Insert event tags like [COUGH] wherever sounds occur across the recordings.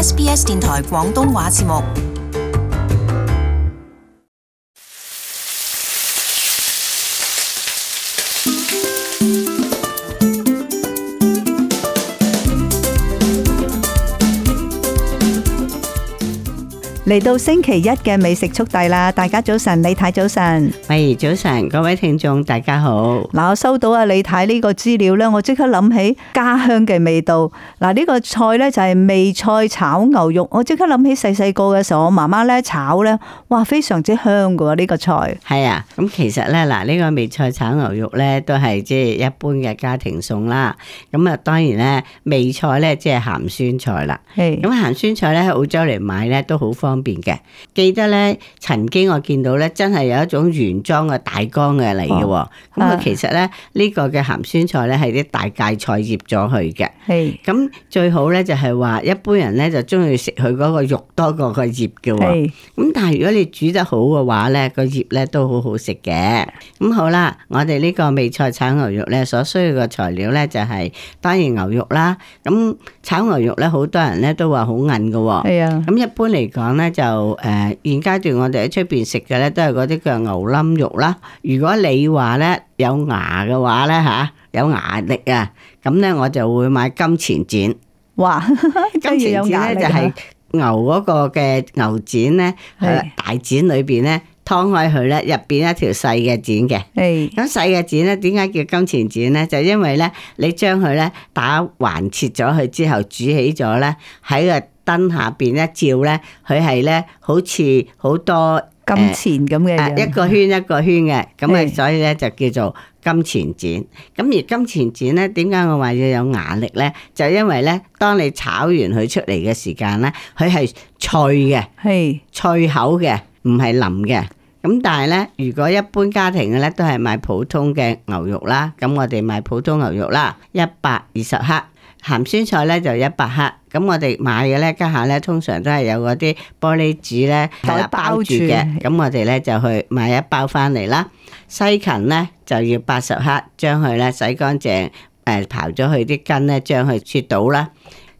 SBS 電台廣東話節目。嚟到星期一嘅美食速遞啦！大家早晨，李太早晨，喂早晨，各位聽眾大家好。嗱，我收到啊，李太呢個資料呢，我即刻諗起家鄉嘅味道。嗱，呢個菜呢，就係味菜炒牛肉，我即刻諗起細細個嘅時候，我媽媽呢炒呢，哇，非常之香嘅呢、這個菜。係啊，咁其實呢，嗱，呢個味菜炒牛肉呢，都係即係一般嘅家庭餸啦。咁啊，當然呢，味菜呢，即係鹹酸菜啦。係是。咁鹹酸菜呢，喺澳洲嚟買呢，都好方。邊嘅記得咧，曾經我見到咧，真係有一種原裝嘅大缸嘅嚟嘅。咁、哦、啊，其實咧呢、這個嘅鹹酸菜咧係啲大芥菜醃咗去嘅。係咁是最好咧，就係、是、話一般人咧就中意食佢嗰個肉多過個葉嘅、哦。係咁是，但係如果你煮得好嘅話咧，個葉咧都好好食嘅。咁好啦，我哋呢個味菜炒牛肉咧，所需要嘅材料咧就係當然牛肉啦。咁炒牛肉咧，好多人咧都話好韌嘅、哦。係啊的，咁一般嚟講咧。就誒，現階段我哋喺出邊食嘅咧，都係嗰啲叫牛冧肉啦。如果你話咧有牙嘅話咧吓，有牙力啊，咁咧我就會買金錢腱。哇，金錢腱咧就係牛嗰個嘅牛腱咧， [LAUGHS] 係大腱裏邊咧。劏開佢咧，入邊一條細嘅剪嘅。係的。咁細嘅剪咧，點解叫金錢剪咧？就因為咧，你將佢咧打橫切咗佢之後煮起咗咧，喺個燈下邊一照咧，佢係咧好似好多金錢咁嘅，呃、一個圈一個圈嘅。咁啊的，所以咧就叫做金錢剪。咁的而金錢剪咧，點解我話要有牙力咧？就因為咧，當你炒完佢出嚟嘅時間咧，佢係脆嘅，係的脆口嘅，唔係腍嘅。咁但係咧，如果一般家庭嘅咧，都係買普通嘅牛肉啦。咁我哋買普通牛肉啦，一百二十克。鹹酸菜咧就一百克。咁我哋買嘅咧，家下咧通常都係有嗰啲玻璃紙咧包住嘅。咁我哋咧就去買一包翻嚟啦。西芹咧就要八十克，將佢咧洗乾淨，誒、呃、刨咗佢啲根咧，將佢切到啦。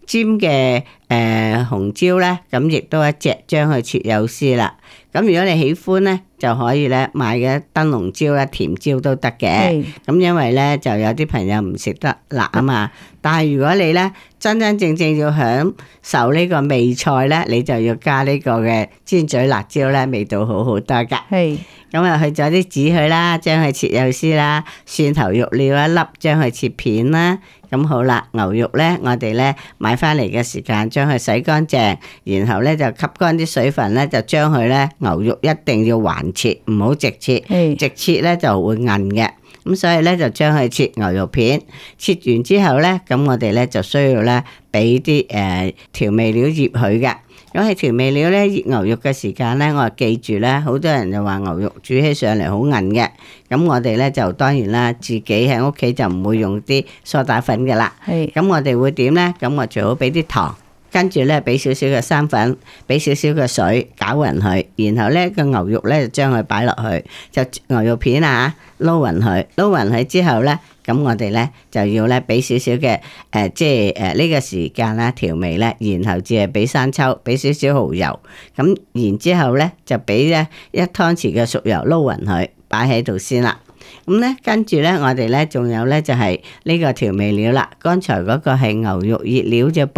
尖嘅誒、呃、紅椒咧，咁亦都一隻，將佢切幼絲啦。咁如果你喜歡咧，就可以咧買嘅燈籠椒啦、甜椒都得嘅。咁是因為咧就有啲朋友唔食得辣啊嘛。嗯、但係如果你咧真真正正要享受呢個味菜咧，你就要加呢個嘅尖嘴辣椒咧，味道好好多㗎。係咁啊，去咗啲籽去啦，將佢切幼絲啦，蒜頭肉料一粒，將佢切片啦。咁好啦，牛肉呢，我哋呢買翻嚟嘅時間，將佢洗乾淨，然後呢就吸乾啲水分呢，就將佢呢，牛肉一定要橫切，唔好直切，Hey. 直切呢就會韌嘅。咁所以呢，就將佢切牛肉片，切完之後呢，咁我哋呢就需要呢俾啲誒調味料醃佢嘅。咁喺調味料呢，醃牛肉嘅時間呢，我話記住咧，好多人就話牛肉煮起上嚟好韌嘅，咁我哋呢，就當然啦，自己喺屋企就唔會用啲梳打粉嘅啦，咁是我哋會點呢？咁我最好俾啲糖。跟住咧，俾少少嘅生粉，俾少少嘅水，攪勻佢。然後咧，個牛肉咧就將佢擺落去，就牛肉片啊，撈勻佢，撈勻佢之後咧，咁我哋咧就要咧俾少少嘅誒，即係誒呢個時間啦，調味咧，然後至係俾生抽，俾少少蠔油。咁然之後咧，就俾咧一湯匙嘅熟油撈勻佢，擺喺度先啦。咁咧，跟住咧，我哋咧仲有咧就係呢個調味料啦。剛才嗰個係牛肉熱料啫噃，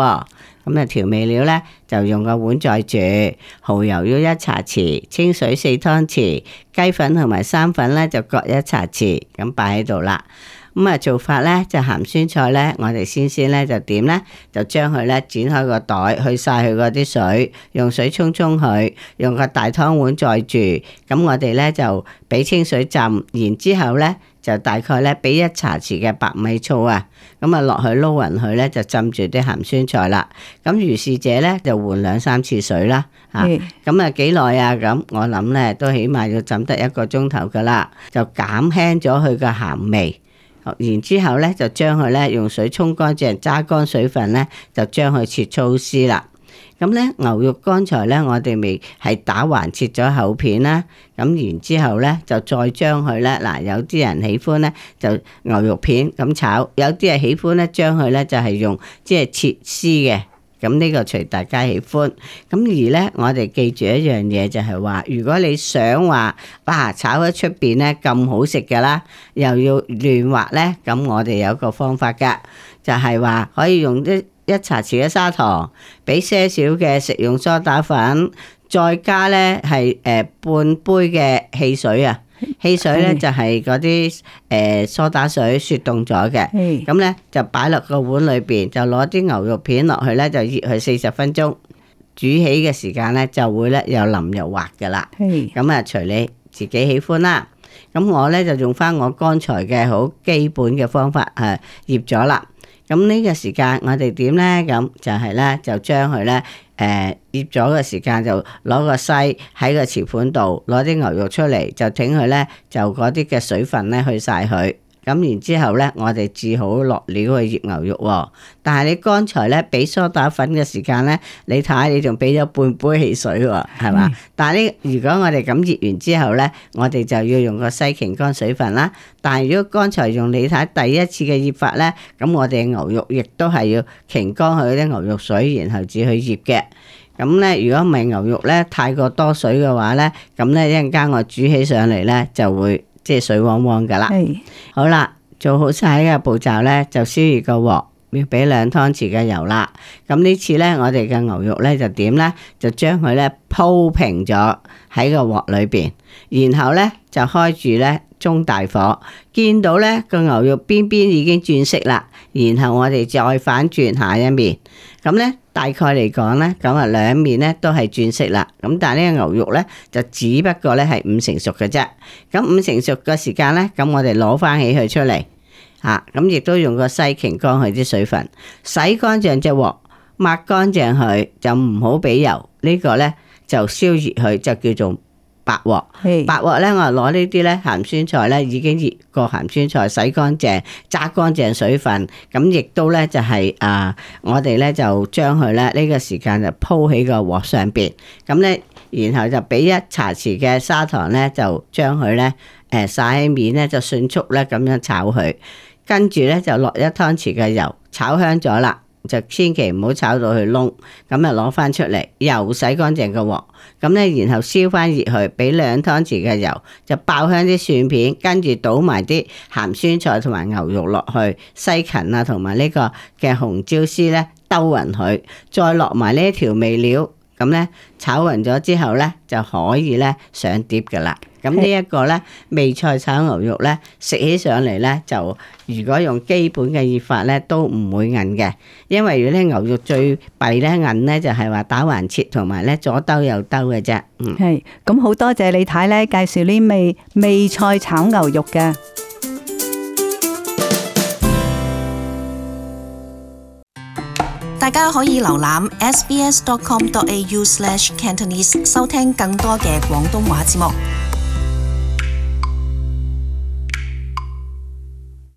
咁啊調味料咧就用個碗再煮，蠔油要一茶匙，清水四湯匙，雞粉同埋生粉咧就各一茶匙，咁擺喺度啦。咁啊，做法呢，就鹹酸菜呢。我哋先先呢，就點呢？就將佢呢剪開個袋，去晒佢嗰啲水，用水沖沖佢，用個大湯碗載住。咁我哋呢，就俾清水浸，然之後呢，就大概呢，俾一茶匙嘅白米醋啊，咁啊落去撈勻佢呢，就浸住啲鹹酸菜啦。咁如是者呢，就換兩三次水啦。嗯、啊，咁啊幾耐啊？咁我諗呢，都起碼要浸得一個鐘頭噶啦，就減輕咗佢個鹹味。然之後咧，就將佢咧用水沖乾淨，揸乾水分咧，就將佢切粗絲啦。咁咧牛肉乾材咧，我哋未係打橫切咗厚片啦。咁然之後咧，就再將佢咧嗱，有啲人喜歡咧就牛肉片咁炒，有啲人喜歡咧將佢咧就係、是、用即係、就是、切絲嘅。咁呢個隨大家喜歡，咁而呢，我哋記住一樣嘢就係話，如果你想話，哇炒喺出邊呢咁好食嘅啦，又要嫩滑呢，咁我哋有個方法噶，就係、是、話可以用一一茶匙嘅砂糖，俾些少嘅食用梳打粉，再加呢係誒、呃、半杯嘅汽水啊。汽水咧，就係嗰啲誒梳打水雪凍咗嘅，咁咧的就擺落個碗裏邊，就攞啲牛肉片落去咧就醃佢四十分鐘，煮起嘅時間咧就會咧又淋又滑噶啦，咁啊隨你自己喜歡啦。咁我咧就用翻我剛才嘅好基本嘅方法啊，醃咗啦。咁呢個時間我哋點呢？咁就係呢，就將佢呢誒、呃、醃咗嘅時間就攞個篩喺個瓷盤度，攞啲牛肉出嚟，就整佢呢，就嗰啲嘅水分呢，去晒佢。咁然之後呢，我哋至好落料去醃牛肉喎、哦。但係你剛才呢，俾梳打粉嘅時間，你睇下你仲俾咗半杯汽水喎、哦，係嘛？ [NOISE] 但係呢，如果我哋咁醃完之後呢，我哋就要用個西芹乾水分啦。但係如果剛才用你睇第一次嘅醃法呢，咁我哋牛肉亦都係要擎乾佢啲牛肉水，然後至去醃嘅。咁呢，如果唔係牛肉呢，太過多水嘅話呢，咁呢一陣間我煮起上嚟呢，就會。即係水汪汪噶啦，是好啦，做好晒嘅步驟呢，就燒熱個鑊，要俾兩湯匙嘅油啦。咁呢次呢，我哋嘅牛肉呢就點呢？就將佢呢鋪平咗喺個鑊裏邊，然後呢，就開住呢。中大火，見到呢個牛肉邊邊已經轉色啦，然後我哋再反轉下一面，咁呢大概嚟講呢，咁啊兩面呢都係轉色啦，咁但係呢個牛肉呢就只不過呢係五成熟嘅啫，咁五成熟嘅時間呢，咁我哋攞翻起佢出嚟，啊，咁亦都用個西芹乾佢啲水分，洗乾淨隻鑊，抹乾淨佢，就唔好俾油，呢個呢就燒熱佢就叫做。白鑊，是白鑊咧，我攞呢啲咧咸酸菜咧，已經熱過咸酸菜，洗乾淨，揸乾淨水分，咁亦都咧就係、是、啊，我哋咧就將佢咧呢、這個時間就鋪喺個鑊上邊，咁咧然後就俾一茶匙嘅砂糖咧，就將佢咧誒晒起面咧，就迅速咧咁樣炒佢，跟住咧就落一湯匙嘅油，炒香咗啦。就千祈唔好炒到佢燶，咁就攞翻出嚟，又洗乾淨個鑊，咁咧然後燒翻熱佢，俾兩湯匙嘅油，就爆香啲蒜片，跟住倒埋啲鹹酸菜同埋牛肉落去，西芹啊同埋呢個嘅紅椒絲咧兜匀佢，再落埋呢啲調味料，咁咧炒匀咗之後咧就可以咧上碟噶啦。咁呢一個咧，味菜炒牛肉咧，食起上嚟咧，就如果用基本嘅醃法咧，都唔會韌嘅。因為咧，牛肉最弊咧韌咧，就係話打橫切同埋咧左兜右兜嘅啫。嗯，係咁好多謝李太咧介紹呢味味菜炒牛肉嘅，大家可以瀏覽 sbs.com.au/cantonese 收聽更多嘅廣東話節目。